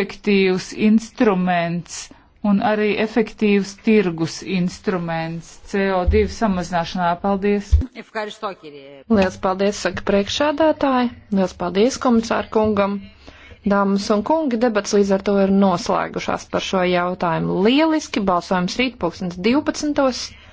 efektīvs instruments un arī efektīvs tirgus instruments CO2 samazināšanā. Paldies! Lielas paldies, saka priekšādātāji! Lielas paldies komisāru kungam! Dāmas un kungi, debats līdz ar to ir noslēgušās par šo jautājumu. Lieliski balsojums rīt pulkstens 12.